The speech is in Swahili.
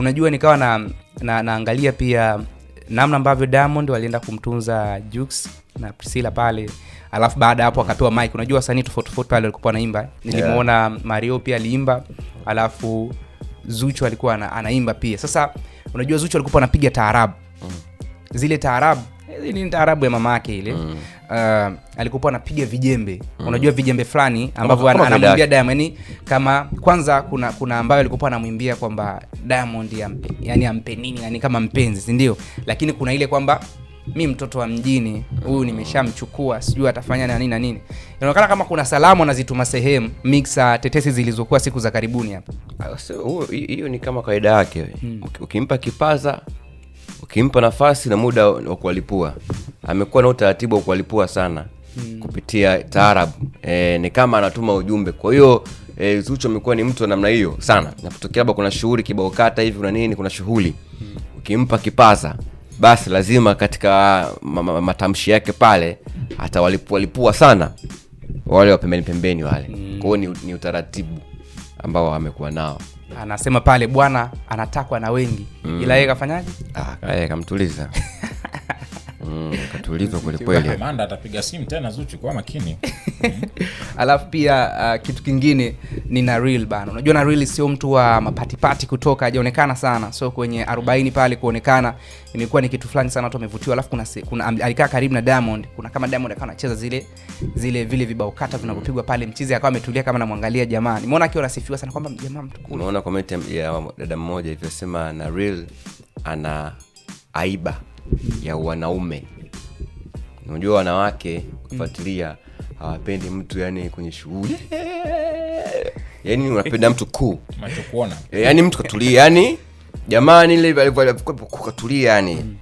unajua nikawa na, na naangalia pia namna ambavyo Diamond walienda kumtunza Jux na Priscilla pale, alafu baada hapo akapewa mic. Unajua wasanii tofauti tofauti pale walikuwa wanaimba, nilimuona yeah. Mario pia aliimba, alafu Zuchu alikuwa anaimba pia. Sasa unajua Zuchu alikuwa anapiga taarabu, mm. zile taarabu Eh, ni taarabu ya mama yake ile mm. Uh, alikupa anapiga vijembe mm. Unajua vijembe fulani ambavyo anamwimbia Diamond, kama kwanza kuna kuna ambayo alikupa anamwimbia kwamba Diamond ampe, yani ampe nini, yani kama mpenzi, si ndio? Lakini kuna ile kwamba mi mtoto wa mjini huyu nimeshamchukua, sijui atafanya na nini na nini. Inaonekana kama kuna salamu anazituma sehemu mixa tetesi zilizokuwa siku za karibuni hapa. Ah, hiyo ni kama kawaida yake, hmm. ukimpa kipaza ukimpa nafasi na muda wa kuwalipua. Amekuwa na utaratibu wa kuwalipua sana hmm. kupitia taarabu e, ni kama anatuma ujumbe. Kwa hiyo e, zucho amekuwa ni mtu wa namna hiyo sana. Napotokea labda kuna shughuli kibaokata hivi, kuna nini, kuna shughuli hmm. ukimpa kipaza basi lazima katika matamshi yake pale atawalipualipua sana wale wa pembeni pembeni wale. Hmm. Kwa ni, ni utaratibu ambao amekuwa nao. Anasema pale bwana anatakwa na wengi mm. ila yeye kafanyaje? Ah, kamtuliza Mm, Katulizwa atapiga simu tena Zuchu, kwa makini. Alafu pia uh, kitu kingine ni na Nareal bana. Unajua na Nareal sio mtu wa mapatipati kutoka, ajaonekana sana. So kwenye 40 pale kuonekana imekuwa ni kitu fulani sana, watu wamevutiwa. Alafu kuna, kuna alikaa karibu na Diamond. Kuna kama Diamond akawa anacheza zile zile vile vibao kata vinavyopigwa pale, mchizi akawa ametulia kama namwangalia jamaa. Nimeona akiwa anasifiwa sana kwamba jamaa mtukuu. Unaona comment ya dada mmoja ivyosema na Nareal ana aiba ya wanaume. Unajua wanawake kufuatilia hawapendi mtu yani kwenye shughuli yani, unapenda mtu kuu yani, mtu katulia yani, jamani, ile alivyokuwa katulia yani